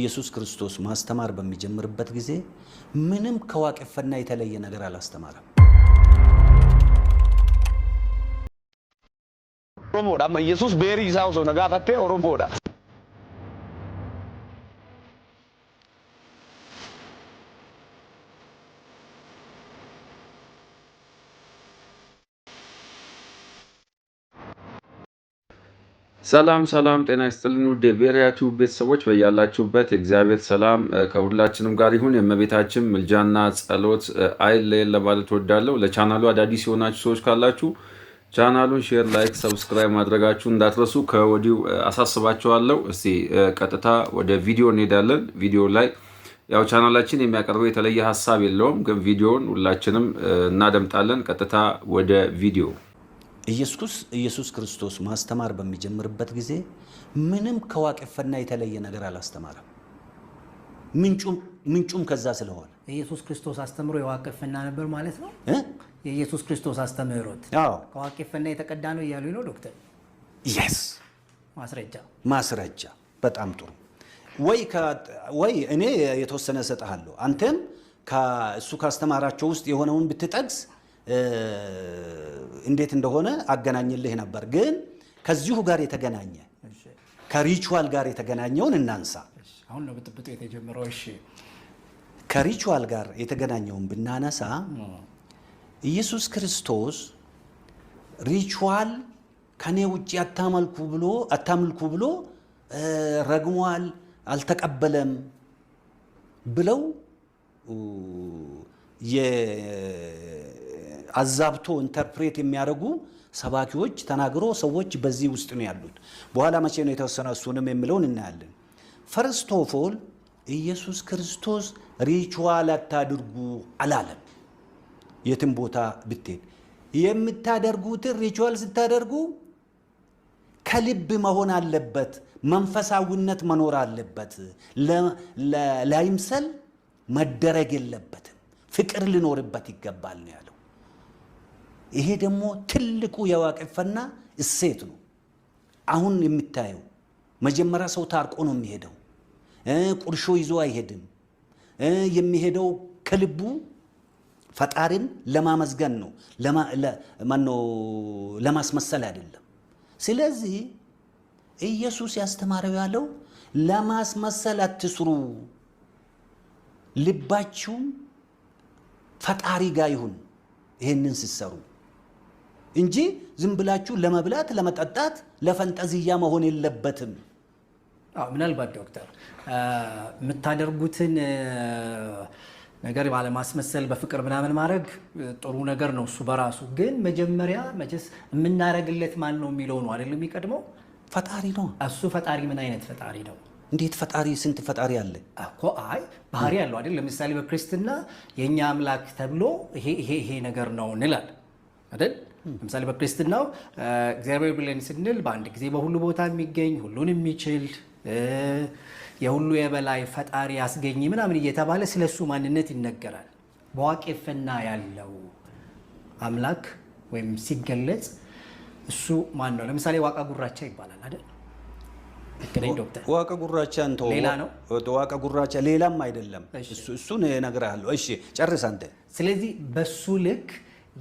ኢየሱስ ክርስቶስ ማስተማር በሚጀምርበት ጊዜ ምንም ከዋቅፈና የተለየ ነገር አላስተማረም። ኢየሱስ ቤሪ ሳውሶ ነጋፈቴ ኦሮሞዳ ሰላም ሰላም፣ ጤና ይስጥልን ውድ የቤሪያ ቲዩብ ቤተሰቦች በያላችሁበት የእግዚአብሔር ሰላም ከሁላችንም ጋር ይሁን። የእመቤታችን ምልጃና ጸሎት አይለየን ለማለት እወዳለሁ። ለቻናሉ አዳዲስ የሆናችሁ ሰዎች ካላችሁ ቻናሉን ሼር፣ ላይክ፣ ሰብስክራይብ ማድረጋችሁ እንዳትረሱ ከወዲሁ አሳስባችኋለሁ። እስቲ ቀጥታ ወደ ቪዲዮ እንሄዳለን። ቪዲዮ ላይ ያው ቻናላችን የሚያቀርበው የተለየ ሀሳብ የለውም፣ ግን ቪዲዮን ሁላችንም እናደምጣለን። ቀጥታ ወደ ቪዲዮ ኢየሱስ ኢየሱስ ክርስቶስ ማስተማር በሚጀምርበት ጊዜ ምንም ከዋቄፈና የተለየ ነገር አላስተማረም። ምንጩም ከዛ ስለሆነ ኢየሱስ ክርስቶስ አስተምሮ የዋቄፈና ነበር ማለት ነው። የኢየሱስ ክርስቶስ አስተምህሮት ከዋቄፈና የተቀዳ ነው እያሉ ነው ዶክተር። የስ ማስረጃ ማስረጃ። በጣም ጥሩ። ወይ እኔ የተወሰነ እሰጥሃለሁ፣ አንተም እሱ ካስተማራቸው ውስጥ የሆነውን ብትጠቅስ እንዴት እንደሆነ አገናኝልህ ነበር። ግን ከዚሁ ጋር የተገናኘ ከሪቹዋል ጋር የተገናኘውን እናንሳ። አሁን ነው ብጥብጡ የተጀመረው። እሺ፣ ከሪቹዋል ጋር የተገናኘውን ብናነሳ ኢየሱስ ክርስቶስ ሪቹዋል ከኔ ውጭ አታመልኩ ብሎ አታምልኩ ብሎ ረግሟል፣ አልተቀበለም ብለው አዛብቶ ኢንተርፕሬት የሚያደርጉ ሰባኪዎች ተናግሮ ሰዎች በዚህ ውስጥ ነው ያሉት። በኋላ መቼ ነው የተወሰነ እሱንም የሚለውን እናያለን። ፈርስት ኦፍ ኦል ኢየሱስ ክርስቶስ ሪቹዋል አታድርጉ አላለም። የትም ቦታ ብትሄድ የምታደርጉትን ሪቹዋል ስታደርጉ ከልብ መሆን አለበት። መንፈሳዊነት መኖር አለበት። ላይምሰል መደረግ የለበትም። ፍቅር ሊኖርበት ይገባል ነው ያለው። ይሄ ደግሞ ትልቁ የዋቅፈና እሴት ነው። አሁን የምታየው መጀመሪያ ሰው ታርቆ ነው የሚሄደው። ቁርሾ ይዞ አይሄድም። የሚሄደው ከልቡ ፈጣሪን ለማመስገን ነው፣ ለማስመሰል አይደለም። ስለዚህ ኢየሱስ ያስተማረው ያለው ለማስመሰል አትስሩ፣ ልባችሁም ፈጣሪ ጋር ይሁን። ይህንን ሲሰሩ እንጂ ዝም ብላችሁ ለመብላት፣ ለመጠጣት፣ ለፈንጠዝያ መሆን የለበትም። ምናልባት ዶክተር የምታደርጉትን ነገር ባለማስመሰል በፍቅር ምናምን ማድረግ ጥሩ ነገር ነው እሱ በራሱ ግን መጀመሪያ መቼስ የምናደርግለት ማን ነው የሚለው ነው አይደለም የሚቀድመው ፈጣሪ ነው እሱ ፈጣሪ ምን አይነት ፈጣሪ ነው እንዴት ፈጣሪ ስንት ፈጣሪ አለ እኮ አይ ባህሪ አለው አይደል ለምሳሌ በክርስትና የእኛ አምላክ ተብሎ ይሄ ይሄ ነገር ነው እንላል አይደል ለምሳሌ በክርስትናው እግዚአብሔር ብለን ስንል በአንድ ጊዜ በሁሉ ቦታ የሚገኝ ሁሉን የሚችል የሁሉ የበላይ ፈጣሪ ያስገኝ ምናምን እየተባለ ስለ እሱ ማንነት ይነገራል። በዋቄፈና ያለው አምላክ ወይም ሲገለጽ እሱ ማን ነው? ለምሳሌ ዋቃ ጉራቻ ይባላል አይደል? ዋቀ ጉራቻ እንተው ሌላ ነው። ጉራቻ ሌላም አይደለም። እሱን እነግርሃለሁ። እሺ ጨርስ አንተ። ስለዚህ በሱ ልክ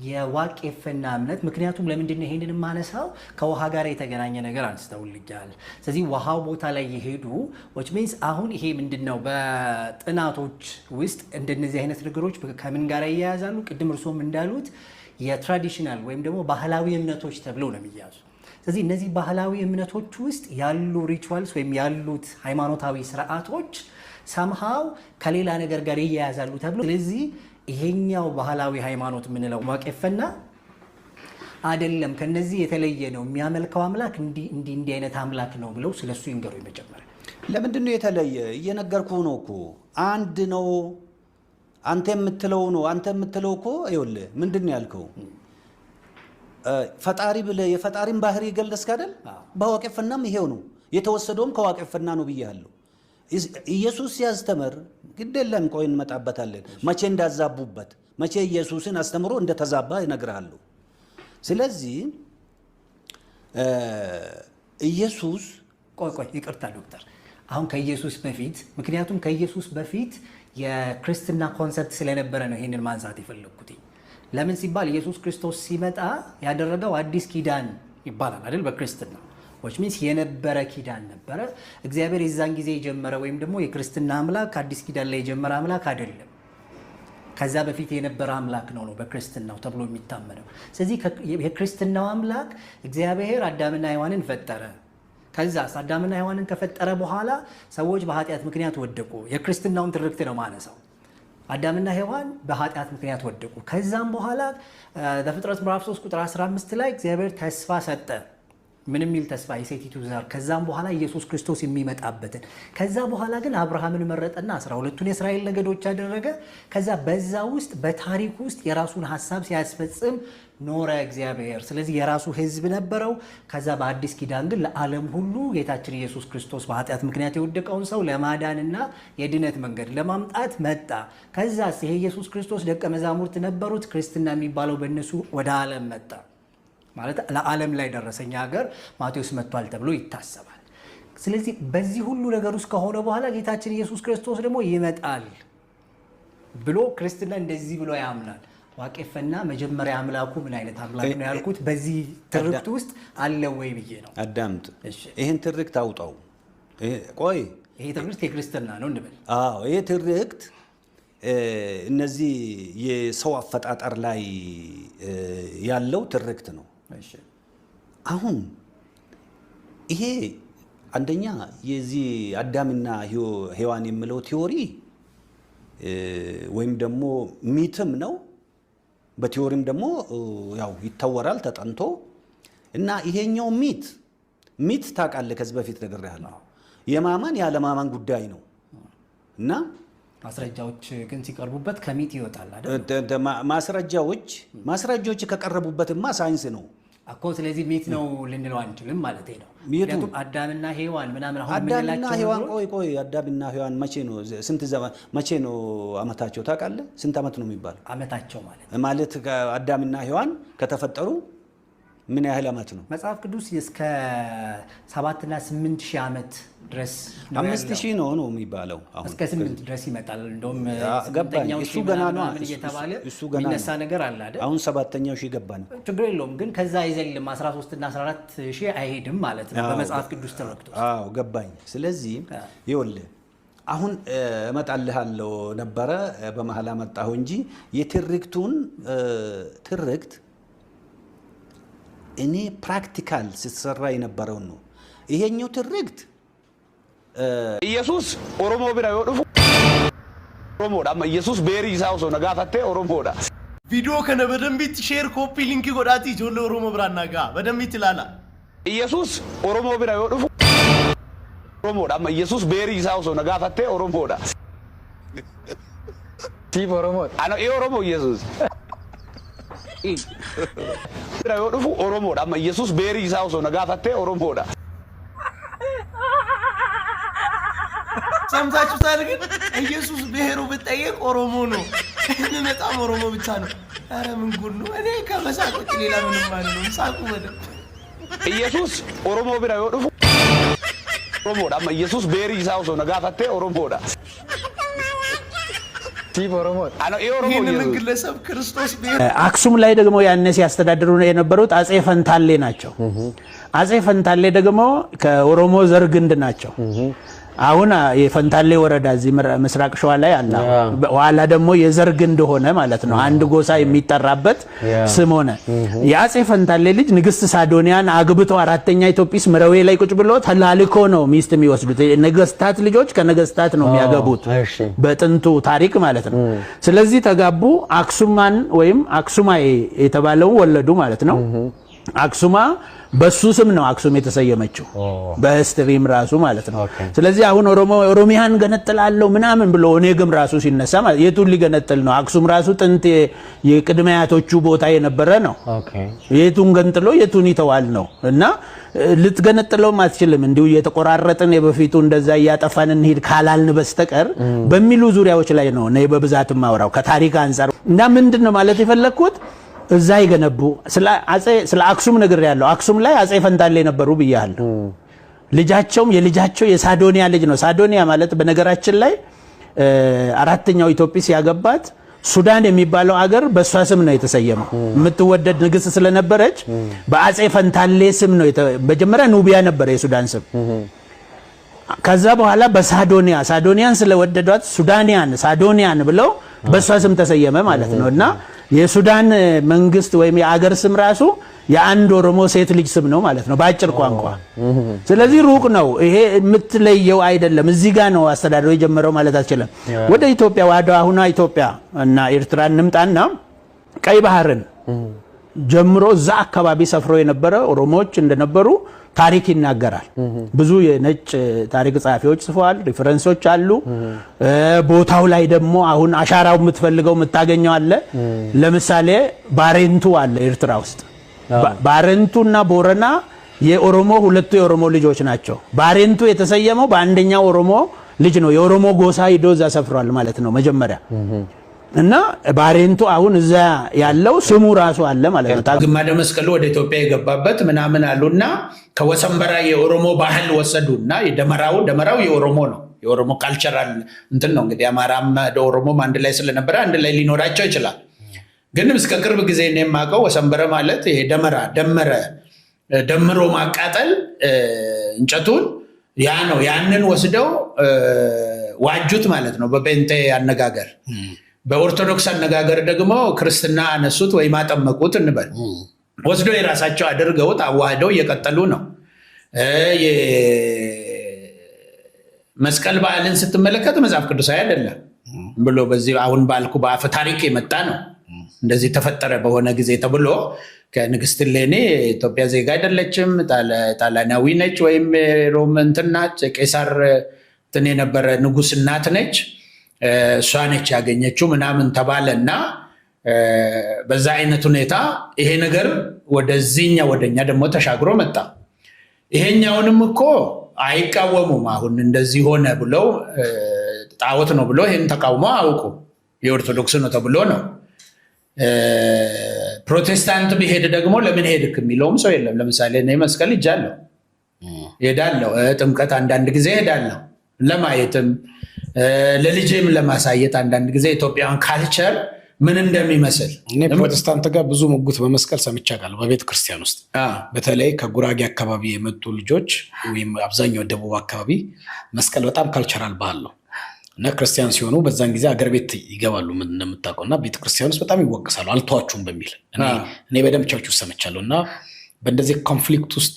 የዋቄፈና እምነት ምክንያቱም ለምንድን ነው ይሄንን የማነሳው? ከውሃ ጋር የተገናኘ ነገር አንስተውልኛል። ስለዚህ ውሃው ቦታ ላይ የሄዱ ዎች ሚንስ አሁን ይሄ ምንድን ነው በጥናቶች ውስጥ እንደነዚህ አይነት ነገሮች ከምን ጋር ይያያዛሉ ቅድም እርሶም እንዳሉት የትራዲሽናል ወይም ደግሞ ባህላዊ እምነቶች ተብለው ነው የሚያዙ። ስለዚህ እነዚህ ባህላዊ እምነቶች ውስጥ ያሉ ሪችዋልስ ወይም ያሉት ሃይማኖታዊ ስርዓቶች ሰምሃው ከሌላ ነገር ጋር ይያያዛሉ ተብሎ ስለዚህ ይሄኛው ባህላዊ ሃይማኖት የምንለው ዋቄፈና አይደለም፣ ከነዚህ የተለየ ነው። የሚያመልከው አምላክ እንዲህ እንዲህ አይነት አምላክ ነው ብለው ስለሱ ይንገሩ መጀመሪያ። ለምንድን ነው የተለየ? እየነገርኩ ነው እኮ አንድ ነው። አንተ የምትለው ነው። አንተ የምትለው እኮ ይኸውልህ፣ ምንድን ነው ያልከው? ፈጣሪ ብለህ የፈጣሪን ባህሪ ገለጽክ አይደል? በዋቄፈናም ይሄው ነው የተወሰደውም ከዋቄፈና ነው ብያለሁ። ኢየሱስ ሲያስተምር ግድ የለም ቆይ እንመጣበታለን። መቼ እንዳዛቡበት መቼ ኢየሱስን አስተምሮ እንደተዛባ ይነግራሉ። ስለዚህ ኢየሱስ ቆይ ቆይ ይቅርታ ዶክተር አሁን ከኢየሱስ በፊት ምክንያቱም ከኢየሱስ በፊት የክርስትና ኮንሰፕት ስለነበረ ነው ይህንን ማንሳት የፈለግኩት። ለምን ሲባል ኢየሱስ ክርስቶስ ሲመጣ ያደረገው አዲስ ኪዳን ይባላል አይደል በክርስትና ዊች ሚንስ የነበረ ኪዳን ነበረ። እግዚአብሔር የዛን ጊዜ የጀመረ ወይም ደግሞ የክርስትና አምላክ አዲስ ኪዳን ላይ የጀመረ አምላክ አይደለም። ከዛ በፊት የነበረ አምላክ ነው ነው በክርስትናው ተብሎ የሚታመነው። ስለዚህ የክርስትናው አምላክ እግዚአብሔር አዳምና ሔዋንን ፈጠረ። ከዛ አዳምና ሔዋንን ከፈጠረ በኋላ ሰዎች በኃጢአት ምክንያት ወደቁ። የክርስትናውን ትርክት ነው ማነሳው። አዳምና ሔዋን በኃጢአት ምክንያት ወደቁ። ከዛም በኋላ ዘፍጥረት ምዕራፍ 3 ቁጥር 15 ላይ እግዚአብሔር ተስፋ ሰጠ ምንም ሚል ተስፋ የሴቲቱ ዘር ከዛም በኋላ ኢየሱስ ክርስቶስ የሚመጣበትን ከዛ በኋላ ግን አብርሃምን መረጠና አስራ ሁለቱን የእስራኤል ነገዶች አደረገ። ከዛ በዛ ውስጥ በታሪክ ውስጥ የራሱን ሀሳብ ሲያስፈጽም ኖረ እግዚአብሔር። ስለዚህ የራሱ ሕዝብ ነበረው። ከዛ በአዲስ ኪዳን ግን ለዓለም ሁሉ ጌታችን ኢየሱስ ክርስቶስ በኃጢአት ምክንያት የወደቀውን ሰው ለማዳንና የድነት መንገድ ለማምጣት መጣ። ከዛ ይሄ ኢየሱስ ክርስቶስ ደቀ መዛሙርት ነበሩት። ክርስትና የሚባለው በእነሱ ወደ ዓለም መጣ። ማለት ለዓለም ላይ ደረሰኛ ሀገር ማቴዎስ መጥቷል ተብሎ ይታሰባል። ስለዚህ በዚህ ሁሉ ነገር ውስጥ ከሆነ በኋላ ጌታችን ኢየሱስ ክርስቶስ ደግሞ ይመጣል ብሎ ክርስትና እንደዚህ ብሎ ያምናል። ዋቄፈና መጀመሪያ አምላኩ ምን አይነት አምላክ ነው ያልኩት በዚህ ትርክት ውስጥ አለ ወይ ብዬ ነው። አዳምጥ፣ ይህን ትርክት አውጣው። ቆይ ይሄ ትርክት የክርስትና ነው እንበል። አዎ ይሄ ትርክት እነዚህ የሰው አፈጣጠር ላይ ያለው ትርክት ነው። አሁን ይሄ አንደኛ የዚህ አዳምና ሔዋን የምለው ቲዎሪ ወይም ደግሞ ሚትም ነው። በቲዎሪም ደግሞ ያው ይታወራል ተጠንቶ እና ይሄኛው ሚት ሚት ታውቃለህ፣ ከዚህ በፊት ነግሬሃለሁ። የማማን ያለማማን ጉዳይ ነው እና ማስረጃዎች ግን ሲቀርቡበት ከሚት ይወጣል። ማስረጃዎች ማስረጃዎች ከቀረቡበትማ ሳይንስ ነው እኮ ስለዚህ ሚት ነው ልንለው አንችልም ማለት ነው። ምክንያቱም አዳምና ሔዋን ምናምን አሁን አዳምና ሔዋን ቆይ ቆይ አዳምና ሔዋን መቼ ነው ስንት ዘመን መቼ ነው አመታቸው ታውቃለህ? ስንት አመት ነው የሚባለው አመታቸው ማለት ማለት አዳምና ሔዋን ከተፈጠሩ ምን ያህል ዓመት ነው? መጽሐፍ ቅዱስ እስከ ሰባትና ስምንት ሺህ ዓመት ድረስ አምስት ሺህ ነው ነው የሚባለው እስከ ስምንት ድረስ ይመጣል። እንደውም ገባኝ እሱ ገና ነው እየተባለ የሚነሳ ነገር አለ አይደል? አሁን ሰባተኛው ሺህ ገባ ነው ችግር የለውም ግን ከዛ አይዘልም 13 እና 14 ሺህ አይሄድም ማለት ነው በመጽሐፍ ቅዱስ ተረክቶ። አዎ ገባኝ። ስለዚህ ይኸውልህ አሁን እመጣልሃለሁ ነበረ በመሀል አመጣሁ እንጂ የትርክቱን ትርክት እኔ ፕራክቲካል ስትሰራ የነበረውን ነው። ይሄኛው ትርክት ኢየሱስ ኦሮሞ ቢራ ይወድፉ ኦሮሞዳ ኢየሱስ ቤሪ ሳውሶ ነጋታቴ ኦሮሞዳ ቪዲዮ ከነ በደንቢት ሼር ኮፒ ሊንክ ጎዳቲ ጆሎ ኦሮሞ ብራና ጋ በደንቢት ላላ ኢየሱስ ኦሮሞ ቢራ ይወድፉ ኦሮሞዳ ኢየሱስ ቤሪ ሳውሶ ነጋታቴ ኦሮሞዳ ቲፍ ኦሮሞ አና ኢ ኦሮሞ ኢየሱስ haqii bira yoo dhufu Oromoodha. Amma Yesuus beerii isaa osoo na gaafattee Oromoodha. ሰምታችሁታል? ግን ኢየሱስ ብሔሩ ብጠየቅ ኦሮሞ ነው። በጣም ኦሮሞ ብቻ ነው። ኧረ ምን ጉድ ነው! እኔ ከመሳቅ ውጭ ሌላ ምንም አይደለም። ሳቁ በደምብ ኢየሱስ ኦሮሞ ቢራ yoo dhufu Oromoodha. Amma Yesuus beerii isaa osoo na gaafattee Oromoodha. አክሱም ላይ ደግሞ ያኔ ሲያስተዳድሩ የነበሩት አጼ ፈንታሌ ናቸው። አጼ ፈንታሌ ደግሞ ከኦሮሞ ዘር ግንድ ናቸው። አሁን የፈንታሌ ወረዳ እዚህ ምስራቅ ሸዋ ላይ አለ። ኋላ ደግሞ የዘርግ እንደሆነ ማለት ነው አንድ ጎሳ የሚጠራበት ስም ሆነ። የአጼ ፈንታሌ ልጅ ንግስት ሳዶኒያን አግብቶ አራተኛ ኢትዮጵስ ምረዌ ላይ ቁጭ ብሎ ተላልኮ ነው ሚስት የሚወስዱት። ነገስታት ልጆች ከነገስታት ነው የሚያገቡት በጥንቱ ታሪክ ማለት ነው። ስለዚህ ተጋቡ። አክሱማን ወይም አክሱማይ የተባለው ወለዱ ማለት ነው። አክሱማ በሱ ስም ነው አክሱም የተሰየመችው በስትሪም ራሱ ማለት ነው። ስለዚህ አሁን ኦሮሚያን ገነጥላለሁ ምናምን ብሎ ኦኔግም ራሱ ሲነሳ ማለት የቱን ሊገነጥል ነው? አክሱም ራሱ ጥንት የቅድመ አያቶቹ ቦታ የነበረ ነው። የቱን ገንጥሎ የቱን ይተዋል ነው እና ልትገነጥለውም አትችልም። እንዲሁ የተቆራረጥን የበፊቱ እንደዛ እያጠፋን እንሂድ ካላልን በስተቀር በሚሉ ዙሪያዎች ላይ ነው እኔ በብዛት ማውራው ከታሪክ አንጻር እና ምንድን ነው ማለት የፈለግኩት እዛ ይገነቡ። ስለ አክሱም ነገር ያለው አክሱም ላይ አጼ ፈንታሌ ነበሩ ብያለሁ። ልጃቸውም የልጃቸው የሳዶኒያ ልጅ ነው። ሳዶኒያ ማለት በነገራችን ላይ አራተኛው ኢትዮጲስ ያገባት ሱዳን የሚባለው አገር በእሷ ስም ነው የተሰየመው። የምትወደድ ንግስት ስለነበረች በአጼ ፈንታሌ ስም ነው። መጀመሪያ ኑቢያ ነበረ የሱዳን ስም። ከዛ በኋላ በሳዶኒያ ሳዶኒያን ስለወደዷት ሱዳኒያን ሳዶኒያን ብለው በእሷ ስም ተሰየመ ማለት ነው። እና የሱዳን መንግስት ወይም የአገር ስም ራሱ የአንድ ኦሮሞ ሴት ልጅ ስም ነው ማለት ነው በአጭር ቋንቋ። ስለዚህ ሩቅ ነው ይሄ የምትለየው አይደለም። እዚህ ጋር ነው አስተዳደሩ የጀመረው ማለት አልችልም። ወደ ኢትዮጵያ ወደ አሁኗ ኢትዮጵያ እና ኤርትራ እንምጣና ቀይ ባህርን ጀምሮ እዛ አካባቢ ሰፍረው የነበረ ኦሮሞዎች እንደነበሩ ታሪክ ይናገራል። ብዙ የነጭ ታሪክ ጸሐፊዎች ጽፈዋል። ሪፈረንሶች አሉ። ቦታው ላይ ደግሞ አሁን አሻራው የምትፈልገው የምታገኘው አለ። ለምሳሌ ባሬንቱ አለ ኤርትራ ውስጥ። ባሬንቱና ቦረና የኦሮሞ ሁለቱ የኦሮሞ ልጆች ናቸው። ባሬንቱ የተሰየመው በአንደኛው ኦሮሞ ልጅ ነው። የኦሮሞ ጎሳ ሂዶ እዛ ሰፍሯል ማለት ነው መጀመሪያ እና ባሬንቱ አሁን እዛ ያለው ስሙ ራሱ አለ ማለት ነው። ግማደ መስቀሉ ወደ ኢትዮጵያ የገባበት ምናምን አሉና ከወሰንበራ የኦሮሞ ባህል እና ደመራው ደመራው የኦሮሞ ነው። የኦሮሞ ካልቸራል እንትን ነው እንግዲህ አማራም ኦሮሞም አንድ ላይ ስለነበረ አንድ ላይ ሊኖራቸው ይችላል። ግን እስከ ቅርብ ጊዜ ነው የማውቀው ወሰንበረ ማለት ይሄ ደመራ ደመረ ደምሮ ማቃጠል እንጨቱን ያ ነው። ያንን ወስደው ዋጁት ማለት ነው በጴንጤ አነጋገር በኦርቶዶክስ አነጋገር ደግሞ ክርስትና አነሱት ወይም አጠመቁት እንበል። ወስዶ የራሳቸው አድርገውት አዋህደው እየቀጠሉ ነው። መስቀል በዓልን ስትመለከት መጽሐፍ ቅዱሳዊ አይደለም ብሎ በዚህ አሁን ባልኩ በአፈ ታሪክ የመጣ ነው። እንደዚህ ተፈጠረ በሆነ ጊዜ ተብሎ ከንግስት ሌኔ ኢትዮጵያ ዜጋ አይደለችም፣ ጣሊያናዊ ነች፣ ወይም ሮም እንትን ናት፣ ቄሳር እንትን የነበረ ንጉስናት እናት ነች። እሷ ነች ያገኘችው ምናምን ተባለ እና በዛ አይነት ሁኔታ ይሄ ነገር ወደዚህኛ ወደኛ ደግሞ ተሻግሮ መጣ። ይሄኛውንም እኮ አይቃወሙም። አሁን እንደዚህ ሆነ ብለው ጣዖት ነው ብሎ ይህን ተቃውሞ አውቁ የኦርቶዶክስ ነው ተብሎ ነው። ፕሮቴስታንት ቢሄድ ደግሞ ለምን ሄድክ የሚለውም ሰው የለም። ለምሳሌ እኔ መስቀል ሄጃለሁ፣ ሄዳለሁ። ጥምቀት አንዳንድ ጊዜ ሄዳለሁ ለማየትም ለልጄም ለማሳየት አንዳንድ ጊዜ ኢትዮጵያን ካልቸር ምን እንደሚመስል እኔ ፕሮቴስታንት ጋር ብዙ ሙግት በመስቀል ሰምቻለሁ። በቤተ ክርስቲያን ውስጥ በተለይ ከጉራጌ አካባቢ የመጡ ልጆች ወይም አብዛኛው ደቡብ አካባቢ መስቀል በጣም ካልቸራል ባህል ነው እና ክርስቲያን ሲሆኑ በዛን ጊዜ አገር ቤት ይገባሉ እንደምታውቀው እና ቤተክርስቲያን ውስጥ በጣም ይወቅሳሉ አልተዋችሁም በሚል እኔ በደምቻችሁ ሰምቻለሁ እና በእንደዚህ ኮንፍሊክት ውስጥ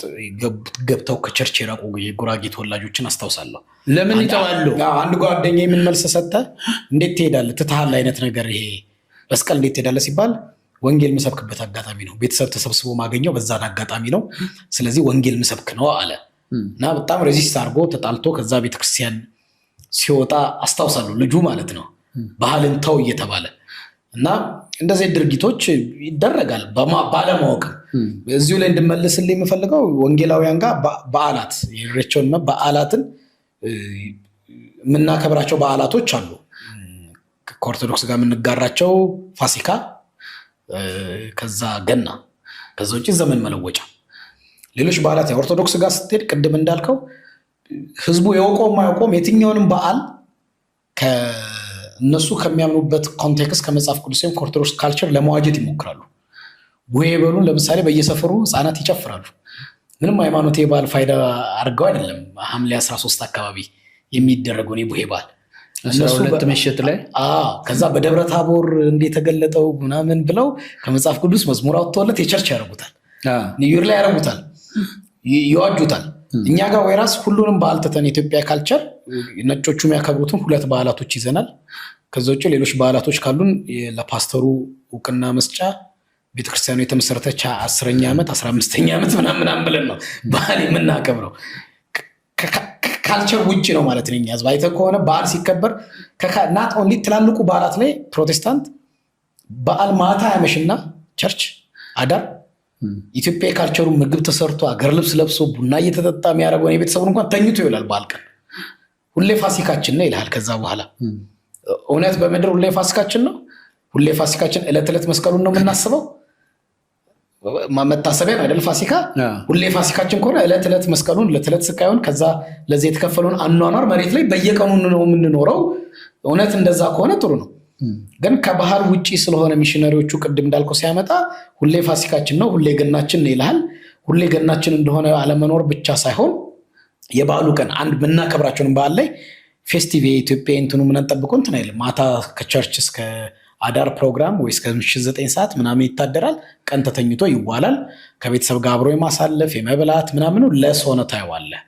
ገብተው ከቸርች የራቁ የጉራጌ ተወላጆችን አስታውሳለሁ። ለምን ይተዋሉ? አንድ ጓደኛ የምን መልስ ሰጠ? እንዴት ትሄዳለ? ትትሃል አይነት ነገር ይሄ መስቀል እንዴት ትሄዳለ ሲባል ወንጌል ምሰብክበት አጋጣሚ ነው፣ ቤተሰብ ተሰብስቦ ማገኘው በዛን አጋጣሚ ነው። ስለዚህ ወንጌል ምሰብክ ነው አለ እና በጣም ሬዚስት አድርጎ ተጣልቶ ከዛ ቤተክርስቲያን ሲወጣ አስታውሳለሁ። ልጁ ማለት ነው ባህልን ተው እየተባለ እና እንደዚህ ድርጊቶች ይደረጋል ባለማወቅ። እዚሁ ላይ እንድመልስልህ የምፈልገው ወንጌላውያን ጋር በዓላት የሬቸውን በዓላትን የምናከብራቸው በዓላቶች አሉ። ከኦርቶዶክስ ጋር የምንጋራቸው ፋሲካ፣ ከዛ ገና፣ ከዛ ውጭ ዘመን መለወጫ፣ ሌሎች በዓላት ኦርቶዶክስ ጋር ስትሄድ ቅድም እንዳልከው ህዝቡ የወቀውም አያውቀውም የትኛውንም በዓል እነሱ ከሚያምኑበት ኮንቴክስት ከመጽሐፍ ቅዱስ ወይም ከኦርቶዶክስ ካልቸር ለመዋጀት ይሞክራሉ። ወይ በሉን ለምሳሌ በየሰፈሩ ህፃናት ይጨፍራሉ። ምንም ሃይማኖት የበዓል ፋይዳ አድርገው አይደለም። ሐምሌ 13 አካባቢ የሚደረገውን የቡሄ በዓል ሁለት ምሽት ላይ ከዛ በደብረ ታቦር እንደተገለጠው ምናምን ብለው ከመጽሐፍ ቅዱስ መዝሙር አውጥተውለት የቸርች ያደርጉታል፣ ኒውዮር ላይ ያደርጉታል፣ ይዋጁታል። እኛ ጋር ወይራስ ሁሉንም በዓል ትተን የኢትዮጵያ ካልቸር ነጮቹ የሚያከብሩትን ሁለት በዓላቶች ይዘናል። ከዛ ውጭ ሌሎች በዓላቶች ካሉን ለፓስተሩ እውቅና መስጫ ቤተክርስቲያኑ የተመሰረተች አስረኛ ዓመት አስራ አምስተኛ ዓመት ምናምን ብለን ነው በዓል የምናከብረው። ካልቸር ውጭ ነው ማለት ነው። እኛ ባይተ ከሆነ በዓል ሲከበር ናት ኦንሊ ትላልቁ በዓላት ላይ ፕሮቴስታንት በዓል ማታ ያመሽና ቸርች አዳር ኢትዮጵያ የካልቸሩ ምግብ ተሰርቶ አገር ልብስ ለብሶ ቡና እየተጠጣ የሚያደርገው የቤተሰቡን እንኳን ተኝቶ ይውላል በዓል ቀን ሁሌ ፋሲካችን ነው ይልሃል። ከዛ በኋላ እውነት በምድር ሁሌ ፋሲካችን ነው። ሁሌ ፋሲካችን ዕለት ዕለት መስቀሉን ነው የምናስበው መታሰቢያ አይደል? ፋሲካ ሁሌ ፋሲካችን ከሆነ ዕለት ዕለት መስቀሉን ዕለት ዕለት ስቃዩን ከዛ ለዚህ የተከፈለውን አኗኗር መሬት ላይ በየቀኑ ነው የምንኖረው። እውነት እንደዛ ከሆነ ጥሩ ነው። ግን ከባህል ውጪ ስለሆነ ሚሽነሪዎቹ ቅድም እንዳልከው ሲያመጣ ሁሌ ፋሲካችን ነው፣ ሁሌ ገናችን ነው ይልሃል። ሁሌ ገናችን እንደሆነ አለመኖር ብቻ ሳይሆን የበዓሉ ቀን አንድ የምናከብራቸውን በዓል ላይ ፌስቲቭ የኢትዮጵያ እንትኑ ምናምን ጠብቆ እንትን አይልም። ማታ ከቸርች እስከ አዳር ፕሮግራም ወይ እስከ ምሽት ዘጠኝ ሰዓት ምናምን ይታደራል። ቀን ተተኝቶ ይዋላል። ከቤተሰብ ጋር አብሮ የማሳለፍ የመብላት ምናምኑ ለስ ሆነ ታየዋለህ።